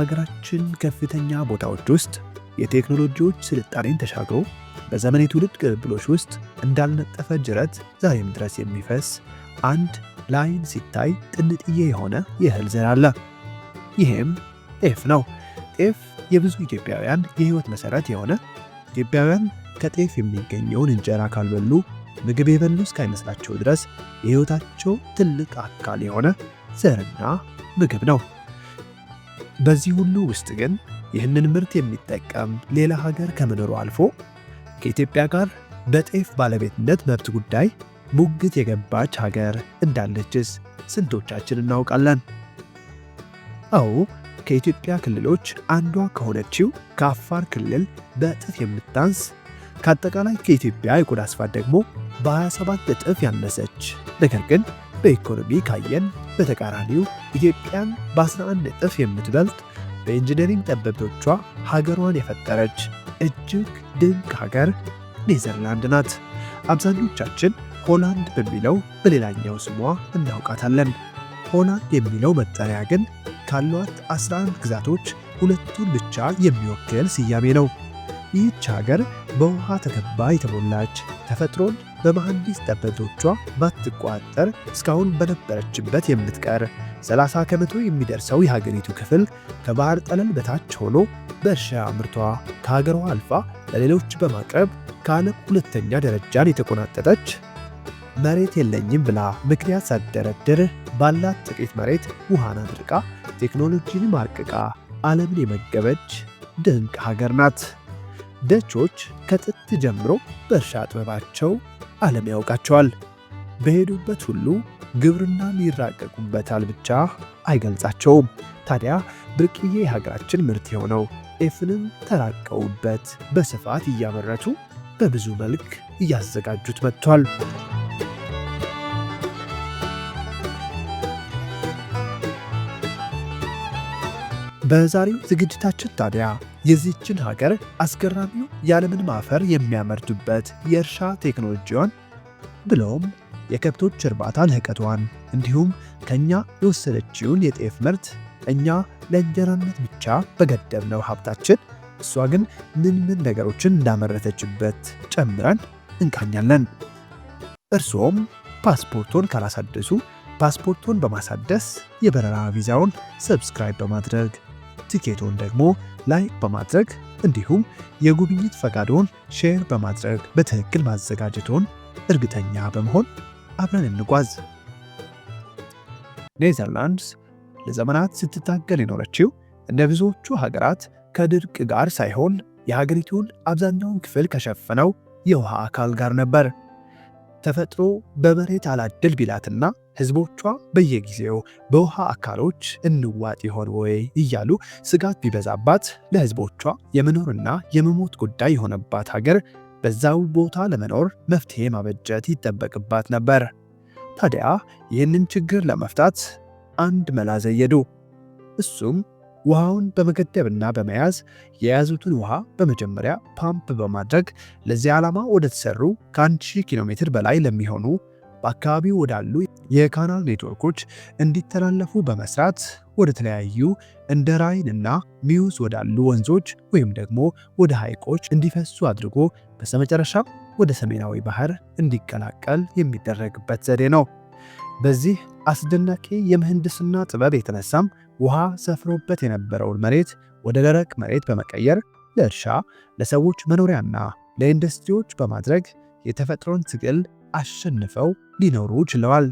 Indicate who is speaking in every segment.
Speaker 1: በሀገራችን ከፍተኛ ቦታዎች ውስጥ የቴክኖሎጂዎች ስልጣኔን ተሻግሮ በዘመን የትውልድ ቅብብሎች ውስጥ እንዳልነጠፈ ጅረት ዛሬም ድረስ የሚፈስ አንድ ላይን ሲታይ ጥንጥዬ የሆነ የእህል ዘር አለ። ይህም ጤፍ ነው። ጤፍ የብዙ ኢትዮጵያውያን የህይወት መሰረት የሆነ ኢትዮጵያውያን ከጤፍ የሚገኘውን እንጀራ ካልበሉ ምግብ የበሉ እስካይመስላቸው ድረስ የህይወታቸው ትልቅ አካል የሆነ ዘርና ምግብ ነው። በዚህ ሁሉ ውስጥ ግን ይህንን ምርት የሚጠቀም ሌላ ሀገር ከመኖሩ አልፎ ከኢትዮጵያ ጋር በጤፍ ባለቤትነት መብት ጉዳይ ሙግት የገባች ሀገር እንዳለችስ ስንቶቻችን እናውቃለን? አዎ ከኢትዮጵያ ክልሎች አንዷ ከሆነችው ከአፋር ክልል በእጥፍ የምታንስ ከአጠቃላይ ከኢትዮጵያ የቆዳ ስፋት ደግሞ በ27 እጥፍ ያነሰች ነገር ግን በኢኮኖሚ ካየን በተቃራኒው ኢትዮጵያን በ11 እጥፍ የምትበልጥ በኢንጂነሪንግ ጠበቦቿ ሀገሯን የፈጠረች እጅግ ድንቅ ሀገር ኔዘርላንድ ናት። አብዛኞቻችን ሆላንድ በሚለው በሌላኛው ስሟ እናውቃታለን። ሆላንድ የሚለው መጠሪያ ግን ካሏት 11 ግዛቶች ሁለቱን ብቻ የሚወክል ስያሜ ነው። ይህች ሀገር በውሃ ተከባ የተሞላች ተፈጥሮን በመሐንዲስ ጠበብቶቿ ባትቋጠር እስካሁን በነበረችበት የምትቀር 30 ከመቶ የሚደርሰው የሀገሪቱ ክፍል ከባህር ጠለል በታች ሆኖ በእርሻ ምርቷ ከሀገሯ አልፋ ለሌሎች በማቅረብ ከዓለም ሁለተኛ ደረጃን የተቆናጠጠች መሬት የለኝም ብላ ምክንያት ሳደረድር ባላት ጥቂት መሬት ውሃን አድርቃ ቴክኖሎጂን ማርቅቃ ዓለምን የመገበች ድንቅ ሀገር ናት። ደቾች ከጥጥ ጀምሮ በእርሻ ጥበባቸው ዓለም ያውቃቸዋል። በሄዱበት ሁሉ ግብርናን ይራቀቁበታል ብቻ አይገልጻቸውም። ታዲያ ብርቅዬ የሀገራችን ምርት የሆነው ጤፍንም ተራቀውበት በስፋት እያመረቱ በብዙ መልክ እያዘጋጁት መጥቷል። በዛሬው ዝግጅታችን ታዲያ የዚህችን ሀገር አስገራሚው የዓለምን አፈር የሚያመርቱበት የእርሻ ቴክኖሎጂዋን ብለውም የከብቶች እርባታ ልህቀቷን እንዲሁም ከእኛ የወሰደችውን የጤፍ ምርት እኛ ለእንጀራነት ብቻ በገደብነው ሀብታችን እሷ ግን ምን ምን ነገሮችን እንዳመረተችበት ጨምረን እንቃኛለን። እርስዎም ፓስፖርቶን ካላሳደሱ ፓስፖርቶን በማሳደስ የበረራ ቪዛውን ሰብስክራይብ በማድረግ ትኬቶን ደግሞ ላይክ በማድረግ እንዲሁም የጉብኝት ፈቃዶን ሼር በማድረግ በትክክል ማዘጋጀቶን እርግጠኛ በመሆን አብረን እንጓዝ። ኔዘርላንድስ ለዘመናት ስትታገል የኖረችው እንደ ብዙዎቹ ሀገራት ከድርቅ ጋር ሳይሆን የሀገሪቱን አብዛኛውን ክፍል ከሸፈነው የውሃ አካል ጋር ነበር። ተፈጥሮ በመሬት አላድል ቢላትና ህዝቦቿ በየጊዜው በውሃ አካሎች እንዋጥ ይሆን ወይ እያሉ ስጋት ቢበዛባት ለህዝቦቿ የመኖርና የመሞት ጉዳይ የሆነባት ሀገር በዛው ቦታ ለመኖር መፍትሄ ማበጀት ይጠበቅባት ነበር። ታዲያ ይህንን ችግር ለመፍታት አንድ መላ ዘየዱ። እሱም ውሃውን በመገደብና በመያዝ የያዙትን ውሃ በመጀመሪያ ፓምፕ በማድረግ ለዚህ ዓላማ ወደ ተሰሩ ከ1000 ኪሎ ሜትር በላይ ለሚሆኑ በአካባቢው ወዳሉ የካናል ኔትወርኮች እንዲተላለፉ በመስራት ወደ ተለያዩ እንደ ራይን እና ሚውዝ ወዳሉ ወንዞች ወይም ደግሞ ወደ ሐይቆች እንዲፈሱ አድርጎ በስተመጨረሻም ወደ ሰሜናዊ ባህር እንዲቀላቀል የሚደረግበት ዘዴ ነው። በዚህ አስደናቂ የምህንድስና ጥበብ የተነሳም ውሃ ሰፍሮበት የነበረውን መሬት ወደ ደረቅ መሬት በመቀየር ለእርሻ፣ ለሰዎች መኖሪያና ለኢንዱስትሪዎች በማድረግ የተፈጥሮን ትግል አሸንፈው ሊኖሩ ችለዋል።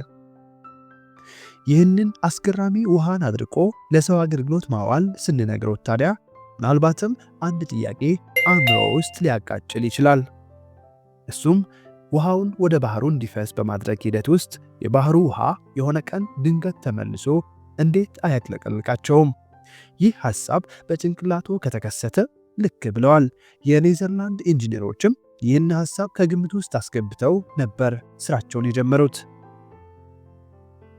Speaker 1: ይህንን አስገራሚ ውሃን አድርቆ ለሰው አገልግሎት ማዋል ስንነግሮት ታዲያ ምናልባትም አንድ ጥያቄ አእምሮ ውስጥ ሊያቃጭል ይችላል። እሱም ውሃውን ወደ ባህሩ እንዲፈስ በማድረግ ሂደት ውስጥ የባህሩ ውሃ የሆነ ቀን ድንገት ተመልሶ እንዴት አያጥለቀልቃቸውም? ይህ ሐሳብ በጭንቅላቱ ከተከሰተ ልክ ብለዋል። የኔዘርላንድ ኢንጂነሮችም ይህን ሐሳብ ከግምት ውስጥ አስገብተው ነበር ስራቸውን የጀመሩት።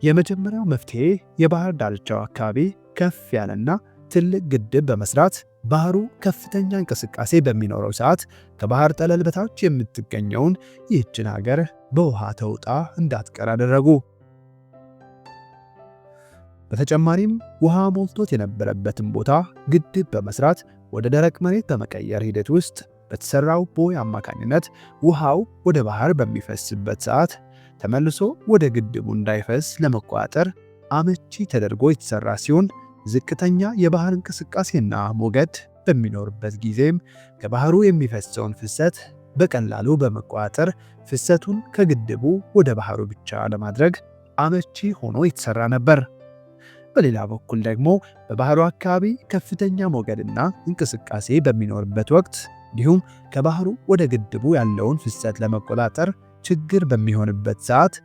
Speaker 1: የመጀመሪያው መፍትሄ የባህር ዳርቻው አካባቢ ከፍ ያለና ትልቅ ግድብ በመስራት ባህሩ ከፍተኛ እንቅስቃሴ በሚኖረው ሰዓት ከባህር ጠለል በታች የምትገኘውን ይህችን ሀገር በውሃ ተውጣ እንዳትቀር አደረጉ። በተጨማሪም ውሃ ሞልቶት የነበረበትን ቦታ ግድብ በመስራት ወደ ደረቅ መሬት በመቀየር ሂደት ውስጥ በተሰራው ቦይ አማካኝነት ውሃው ወደ ባህር በሚፈስበት ሰዓት ተመልሶ ወደ ግድቡ እንዳይፈስ ለመቆጣጠር አመቺ ተደርጎ የተሰራ ሲሆን ዝቅተኛ የባህር እንቅስቃሴና ሞገድ በሚኖርበት ጊዜም ከባህሩ የሚፈሰውን ፍሰት በቀላሉ በመቆጣጠር ፍሰቱን ከግድቡ ወደ ባህሩ ብቻ ለማድረግ አመቺ ሆኖ የተሰራ ነበር። በሌላ በኩል ደግሞ በባህሩ አካባቢ ከፍተኛ ሞገድና እንቅስቃሴ በሚኖርበት ወቅት እንዲሁም ከባህሩ ወደ ግድቡ ያለውን ፍሰት ለመቆጣጠር ችግር በሚሆንበት ሰዓት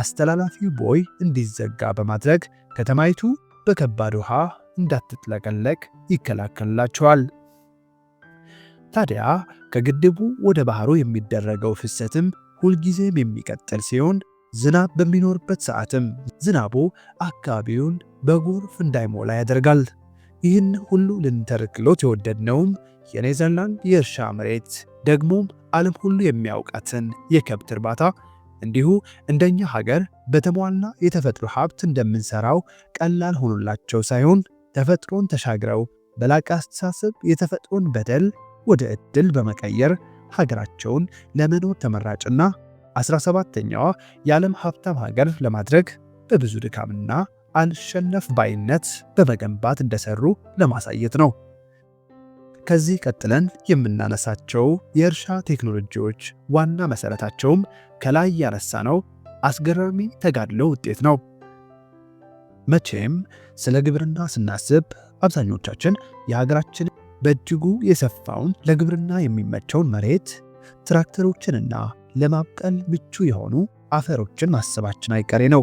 Speaker 1: አስተላላፊው ቦይ እንዲዘጋ በማድረግ ከተማይቱ በከባድ ውሃ እንዳትጥለቀለቅ ይከላከልላቸዋል። ታዲያ ከግድቡ ወደ ባህሩ የሚደረገው ፍሰትም ሁልጊዜም የሚቀጥል ሲሆን ዝናብ በሚኖርበት ሰዓትም ዝናቡ አካባቢውን በጎርፍ እንዳይሞላ ያደርጋል። ይህን ሁሉ ልንተርክሎት የወደድነውም የኔዘርላንድ የእርሻ መሬት ደግሞም ዓለም ሁሉ የሚያውቃትን የከብት እርባታ እንዲሁ እንደኛ ሀገር በተሟላ የተፈጥሮ ሀብት እንደምንሰራው ቀላል ሆኖላቸው ሳይሆን ተፈጥሮን ተሻግረው በላቀ አስተሳሰብ የተፈጥሮን በደል ወደ እድል በመቀየር ሀገራቸውን ለመኖር ተመራጭና 17 ተኛዋ የዓለም ሀብታም ሀገር ለማድረግ በብዙ ድካምና አልሸነፍ ባይነት በመገንባት እንደሰሩ ለማሳየት ነው። ከዚህ ቀጥለን የምናነሳቸው የእርሻ ቴክኖሎጂዎች ዋና መሰረታቸውም ከላይ ያነሳነው አስገራሚ ተጋድሎ ውጤት ነው። መቼም ስለ ግብርና ስናስብ አብዛኞቻችን የሀገራችን በእጅጉ የሰፋውን ለግብርና የሚመቸውን መሬት ትራክተሮችንና ለማብቀል ምቹ የሆኑ አፈሮችን ማሰባችን አይቀሬ ነው።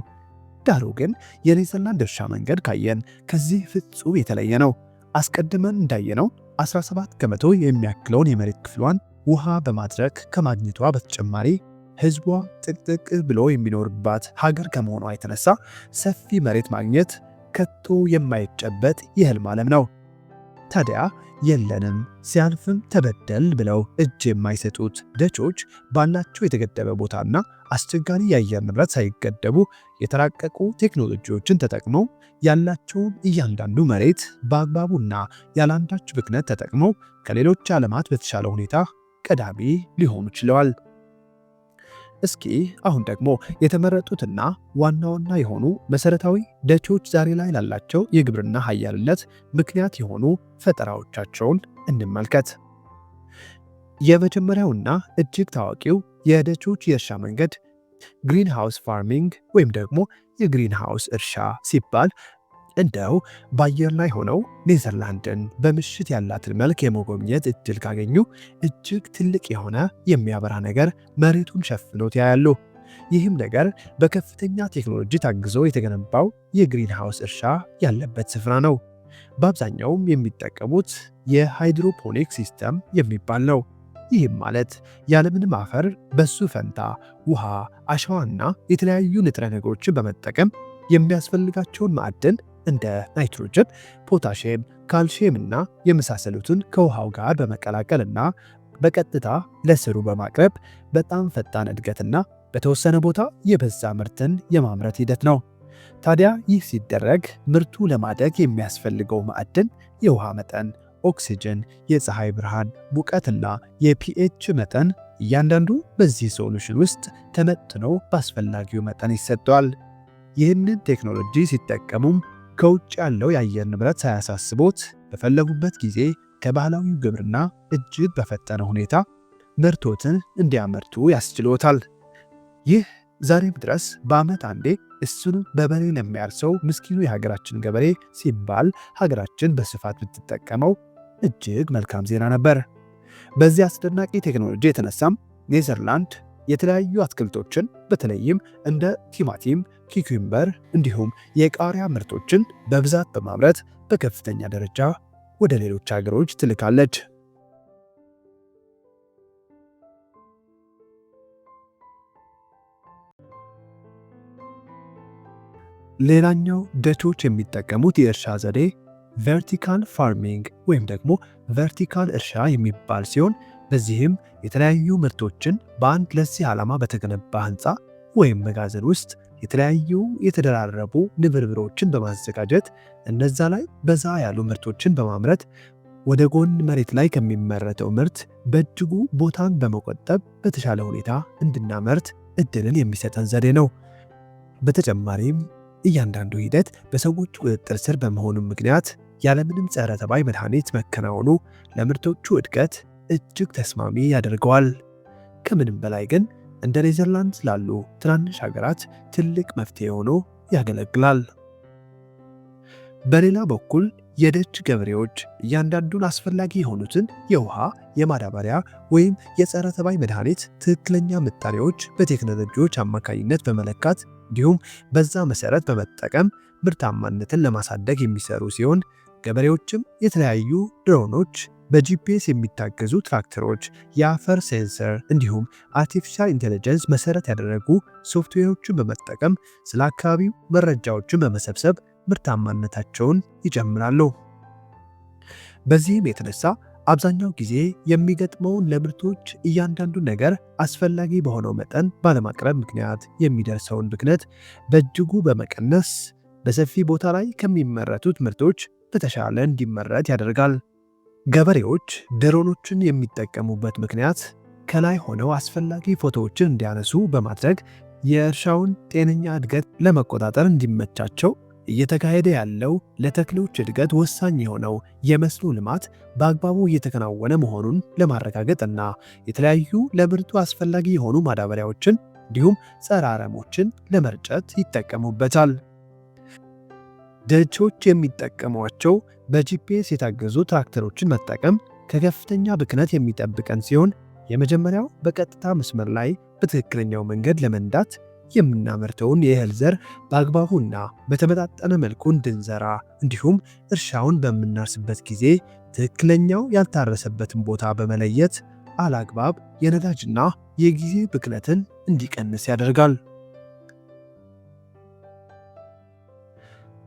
Speaker 1: ዳሩ ግን የኔዘርላንድ እርሻ መንገድ ካየን ከዚህ ፍጹም የተለየ ነው። አስቀድመን እንዳየነው 17 ከመቶ የሚያክለውን የመሬት ክፍሏን ውሃ በማድረግ ከማግኘቷ በተጨማሪ ህዝቧ ጥቅጥቅ ብሎ የሚኖርባት ሀገር ከመሆኗ የተነሳ ሰፊ መሬት ማግኘት ከቶ የማይጨበት የህልም ዓለም ነው። ታዲያ የለንም ሲያልፍም ተበደል ብለው እጅ የማይሰጡት ደቾች ባላቸው የተገደበ ቦታና አስቸጋሪ የአየር ንብረት ሳይገደቡ የተራቀቁ ቴክኖሎጂዎችን ተጠቅመው ያላቸውን እያንዳንዱ መሬት በአግባቡና ያላንዳች ብክነት ተጠቅመው ከሌሎች ዓለማት በተሻለ ሁኔታ ቀዳሚ ሊሆኑ ችለዋል። እስኪ አሁን ደግሞ የተመረጡትና ዋና ዋና የሆኑ መሰረታዊ ደቾች ዛሬ ላይ ላላቸው የግብርና ሀያልነት ምክንያት የሆኑ ፈጠራዎቻቸውን እንመልከት። የመጀመሪያውና እጅግ ታዋቂው የደቾች የእርሻ መንገድ ግሪንሃውስ ፋርሚንግ ወይም ደግሞ የግሪንሃውስ እርሻ ሲባል እንደው በአየር ላይ ሆነው ኔዘርላንድን በምሽት ያላትን መልክ የመጎብኘት እድል ካገኙ እጅግ ትልቅ የሆነ የሚያበራ ነገር መሬቱን ሸፍኖት ያያሉ። ይህም ነገር በከፍተኛ ቴክኖሎጂ ታግዞ የተገነባው የግሪንሃውስ እርሻ ያለበት ስፍራ ነው። በአብዛኛውም የሚጠቀሙት የሃይድሮፖኒክ ሲስተም የሚባል ነው። ይህም ማለት ያለምንም አፈር በሱ ፈንታ ውሃ፣ አሸዋና የተለያዩ ንጥረ ነገሮችን በመጠቀም የሚያስፈልጋቸውን ማዕድን እንደ ናይትሮጅን፣ ፖታሽየም፣ ካልሽየም እና የመሳሰሉትን ከውሃው ጋር እና በቀጥታ ለስሩ በማቅረብ በጣም ፈጣን እድገትና በተወሰነ ቦታ የበዛ ምርትን የማምረት ሂደት ነው። ታዲያ ይህ ሲደረግ ምርቱ ለማደግ የሚያስፈልገው ማዕድን የውሃ መጠን ኦክሲጅን፣ የፀሐይ ብርሃን፣ ሙቀትና የፒኤች መጠን እያንዳንዱ በዚህ ሶሉሽን ውስጥ ተመጥኖ በአስፈላጊው መጠን ይሰጠዋል። ይህንን ቴክኖሎጂ ሲጠቀሙም ከውጭ ያለው የአየር ንብረት ሳያሳስቦት በፈለጉበት ጊዜ ከባህላዊ ግብርና እጅግ በፈጠነ ሁኔታ ምርቶትን እንዲያመርቱ ያስችሎታል። ይህ ዛሬም ድረስ በዓመት አንዴ እሱን በበሬ ለሚያርሰው ምስኪኑ የሀገራችን ገበሬ ሲባል ሀገራችን በስፋት ብትጠቀመው እጅግ መልካም ዜና ነበር። በዚህ አስደናቂ ቴክኖሎጂ የተነሳም ኔዘርላንድ የተለያዩ አትክልቶችን በተለይም እንደ ቲማቲም፣ ኪኩምበር እንዲሁም የቃሪያ ምርቶችን በብዛት በማምረት በከፍተኛ ደረጃ ወደ ሌሎች ሀገሮች ትልካለች። ሌላኛው ደቾች የሚጠቀሙት የእርሻ ዘዴ ቨርቲካል ፋርሚንግ ወይም ደግሞ ቨርቲካል እርሻ የሚባል ሲሆን በዚህም የተለያዩ ምርቶችን በአንድ ለዚህ ዓላማ በተገነባ ህንፃ ወይም መጋዘን ውስጥ የተለያዩ የተደራረቡ ንብርብሮችን በማዘጋጀት እነዛ ላይ በዛ ያሉ ምርቶችን በማምረት ወደ ጎን መሬት ላይ ከሚመረተው ምርት በእጅጉ ቦታን በመቆጠብ በተሻለ ሁኔታ እንድናመርት እድልን የሚሰጠን ዘዴ ነው። በተጨማሪም እያንዳንዱ ሂደት በሰዎች ቁጥጥር ስር በመሆኑ ምክንያት ያለምንም ጸረ ተባይ መድኃኒት መከናወኑ ለምርቶቹ እድገት እጅግ ተስማሚ ያደርገዋል። ከምንም በላይ ግን እንደ ኔዘርላንድ ላሉ ትናንሽ ሀገራት ትልቅ መፍትሄ ሆኖ ያገለግላል። በሌላ በኩል የደች ገበሬዎች እያንዳንዱን አስፈላጊ የሆኑትን የውሃ፣ የማዳበሪያ ወይም የጸረ ተባይ መድኃኒት ትክክለኛ ምጣሪዎች በቴክኖሎጂዎች አማካኝነት በመለካት እንዲሁም በዛ መሰረት በመጠቀም ምርታማነትን ለማሳደግ የሚሰሩ ሲሆን ገበሬዎችም የተለያዩ ድሮኖች፣ በጂፒኤስ የሚታገዙ ትራክተሮች፣ የአፈር ሴንሰር እንዲሁም አርቲፊሻል ኢንቴሊጀንስ መሰረት ያደረጉ ሶፍትዌሮችን በመጠቀም ስለ አካባቢው መረጃዎችን በመሰብሰብ ምርታማነታቸውን ይጨምራሉ። በዚህም የተነሳ አብዛኛው ጊዜ የሚገጥመውን ለምርቶች እያንዳንዱ ነገር አስፈላጊ በሆነው መጠን ባለማቅረብ ምክንያት የሚደርሰውን ብክነት በእጅጉ በመቀነስ በሰፊ ቦታ ላይ ከሚመረቱት ምርቶች በተሻለ እንዲመረት ያደርጋል። ገበሬዎች ድሮኖችን የሚጠቀሙበት ምክንያት ከላይ ሆነው አስፈላጊ ፎቶዎችን እንዲያነሱ በማድረግ የእርሻውን ጤነኛ እድገት ለመቆጣጠር እንዲመቻቸው እየተካሄደ ያለው ለተክሎች እድገት ወሳኝ የሆነው የመስኖ ልማት በአግባቡ እየተከናወነ መሆኑን ለማረጋገጥ እና የተለያዩ ለምርቱ አስፈላጊ የሆኑ ማዳበሪያዎችን እንዲሁም ጸረ አረሞችን ለመርጨት ይጠቀሙበታል። ድሆች የሚጠቀሟቸው በጂፒኤስ የታገዙ ትራክተሮችን መጠቀም ከከፍተኛ ብክነት የሚጠብቀን ሲሆን የመጀመሪያው በቀጥታ መስመር ላይ በትክክለኛው መንገድ ለመንዳት የምናመርተውን የእህል ዘር በአግባቡና በተመጣጠነ መልኩ እንድንዘራ እንዲሁም እርሻውን በምናርስበት ጊዜ ትክክለኛው ያልታረሰበትን ቦታ በመለየት አላግባብ የነዳጅና የጊዜ ብክለትን እንዲቀንስ ያደርጋል።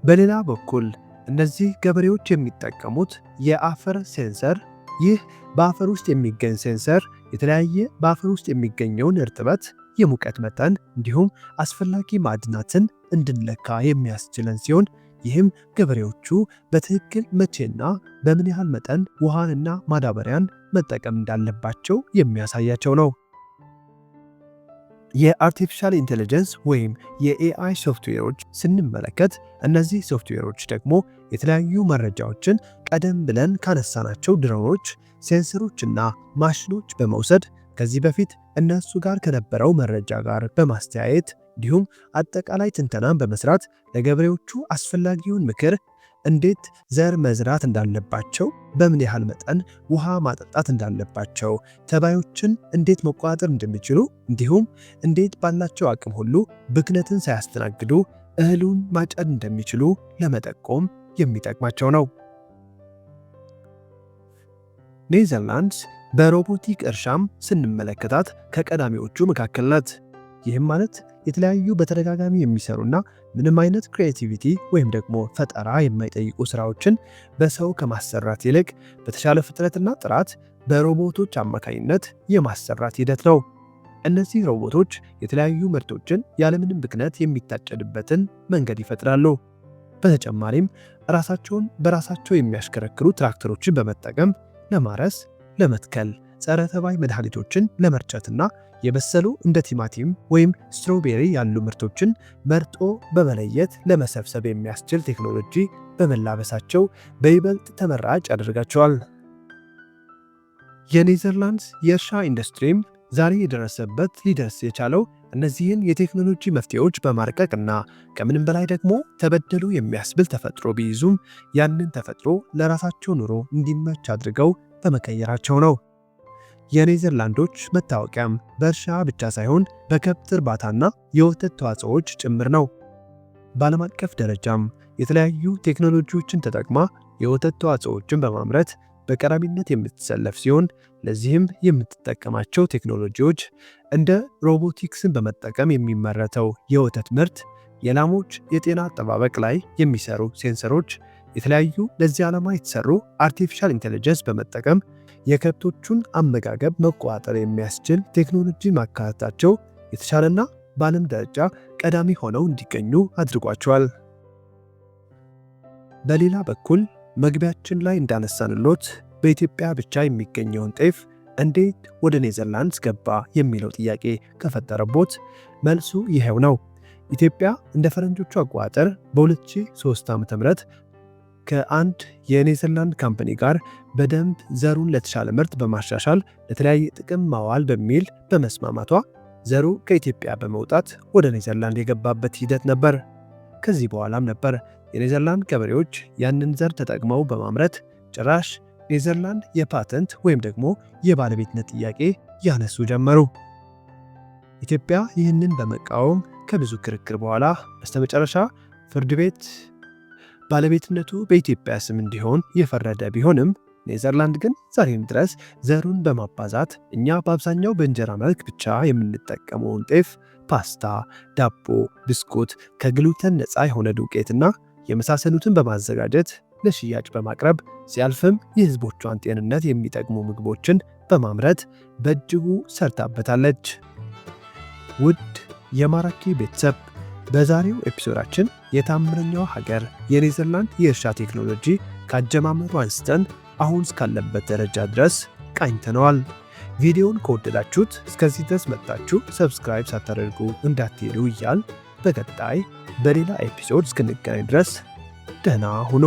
Speaker 1: በሌላ በኩል እነዚህ ገበሬዎች የሚጠቀሙት የአፈር ሴንሰር፣ ይህ በአፈር ውስጥ የሚገኝ ሴንሰር የተለያየ በአፈር ውስጥ የሚገኘውን እርጥበት፣ የሙቀት መጠን እንዲሁም አስፈላጊ ማዕድናትን እንድንለካ የሚያስችለን ሲሆን ይህም ገበሬዎቹ በትክክል መቼና በምን ያህል መጠን ውሃንና ማዳበሪያን መጠቀም እንዳለባቸው የሚያሳያቸው ነው። የአርቲፊሻል ኢንቴሊጀንስ ወይም የኤአይ ሶፍትዌሮች ስንመለከት እነዚህ ሶፍትዌሮች ደግሞ የተለያዩ መረጃዎችን ቀደም ብለን ካነሳናቸው ድሮኖች፣ እና ማሽኖች በመውሰድ ከዚህ በፊት እነሱ ጋር ከነበረው መረጃ ጋር በማስተያየት እንዲሁም አጠቃላይ ትንተናን በመስራት ለገበሬዎቹ አስፈላጊውን ምክር እንዴት ዘር መዝራት እንዳለባቸው፣ በምን ያህል መጠን ውሃ ማጠጣት እንዳለባቸው፣ ተባዮችን እንዴት መቆጣጠር እንደሚችሉ፣ እንዲሁም እንዴት ባላቸው አቅም ሁሉ ብክነትን ሳያስተናግዱ እህሉን ማጨድ እንደሚችሉ ለመጠቆም የሚጠቅማቸው ነው። ኔዘርላንድስ በሮቦቲክ እርሻም ስንመለከታት ከቀዳሚዎቹ መካከል ናት። ይህም ማለት የተለያዩ በተደጋጋሚ የሚሰሩና ምንም አይነት ክሬቲቪቲ ወይም ደግሞ ፈጠራ የማይጠይቁ ስራዎችን በሰው ከማሰራት ይልቅ በተሻለ ፍጥነትና ጥራት በሮቦቶች አማካኝነት የማሰራት ሂደት ነው። እነዚህ ሮቦቶች የተለያዩ ምርቶችን ያለምንም ብክነት የሚታጨድበትን መንገድ ይፈጥራሉ። በተጨማሪም ራሳቸውን በራሳቸው የሚያሽከረክሩ ትራክተሮችን በመጠቀም ለማረስ፣ ለመትከል፣ ጸረ ተባይ መድኃኒቶችን ለመርጨትና የበሰሉ እንደ ቲማቲም ወይም ስትሮቤሪ ያሉ ምርቶችን መርጦ በመለየት ለመሰብሰብ የሚያስችል ቴክኖሎጂ በመላበሳቸው በይበልጥ ተመራጭ ያደርጋቸዋል። የኔዘርላንድስ የእርሻ ኢንዱስትሪም ዛሬ የደረሰበት ሊደርስ የቻለው እነዚህን የቴክኖሎጂ መፍትሄዎች በማርቀቅ እና ከምንም በላይ ደግሞ ተበደሉ የሚያስብል ተፈጥሮ ቢይዙም ያንን ተፈጥሮ ለራሳቸው ኑሮ እንዲመች አድርገው በመቀየራቸው ነው። የኔዘርላንዶች መታወቂያም በእርሻ ብቻ ሳይሆን በከብት እርባታና የወተት ተዋጽኦዎች ጭምር ነው። በዓለም አቀፍ ደረጃም የተለያዩ ቴክኖሎጂዎችን ተጠቅማ የወተት ተዋጽኦዎችን በማምረት በቀዳሚነት የምትሰለፍ ሲሆን ለዚህም የምትጠቀማቸው ቴክኖሎጂዎች እንደ ሮቦቲክስን በመጠቀም የሚመረተው የወተት ምርት፣ የላሞች የጤና አጠባበቅ ላይ የሚሰሩ ሴንሰሮች፣ የተለያዩ ለዚህ ዓላማ የተሰሩ አርቲፊሻል ኢንቴሊጀንስ በመጠቀም የከብቶቹን አመጋገብ መቆጣጠር የሚያስችል ቴክኖሎጂ ማካተታቸው የተሻለና በዓለም ደረጃ ቀዳሚ ሆነው እንዲገኙ አድርጓቸዋል። በሌላ በኩል መግቢያችን ላይ እንዳነሳንሎት በኢትዮጵያ ብቻ የሚገኘውን ጤፍ እንዴት ወደ ኔዘርላንድስ ገባ የሚለው ጥያቄ ከፈጠረቦት መልሱ ይሄው ነው። ኢትዮጵያ እንደ ፈረንጆቹ አቆጣጠር በ2003 ም ከአንድ የኔዘርላንድ ካምፓኒ ጋር በደንብ ዘሩን ለተሻለ ምርት በማሻሻል ለተለያየ ጥቅም ማዋል በሚል በመስማማቷ ዘሩ ከኢትዮጵያ በመውጣት ወደ ኔዘርላንድ የገባበት ሂደት ነበር። ከዚህ በኋላም ነበር የኔዘርላንድ ገበሬዎች ያንን ዘር ተጠቅመው በማምረት ጭራሽ ኔዘርላንድ የፓተንት ወይም ደግሞ የባለቤትነት ጥያቄ ያነሱ ጀመሩ። ኢትዮጵያ ይህንን በመቃወም ከብዙ ክርክር በኋላ በስተመጨረሻ ፍርድ ቤት ባለቤትነቱ በኢትዮጵያ ስም እንዲሆን የፈረደ ቢሆንም ኔዘርላንድ ግን ዛሬም ድረስ ዘሩን በማባዛት እኛ በአብዛኛው በእንጀራ መልክ ብቻ የምንጠቀመውን ጤፍ፣ ፓስታ፣ ዳቦ፣ ብስኩት ከግሉተን ነፃ የሆነ ዱቄትና የመሳሰሉትን በማዘጋጀት ለሽያጭ በማቅረብ ሲያልፍም የሕዝቦቿን ጤንነት የሚጠቅሙ ምግቦችን በማምረት በእጅጉ ሰርታበታለች። ውድ የማራኪ ቤተሰብ በዛሬው ኤፒሶዳችን የታምረኛው ሀገር የኔዘርላንድ የእርሻ ቴክኖሎጂ ካጀማመሩ አንስተን አሁን እስካለበት ደረጃ ድረስ ቃኝተነዋል። ቪዲዮውን ከወደዳችሁት እስከዚህ ድረስ መጥታችሁ ሰብስክራይብ ሳታደርጉ እንዳትሄዱ እያል በቀጣይ በሌላ ኤፒሶድ እስክንገናኝ ድረስ ደህና ሁኑ።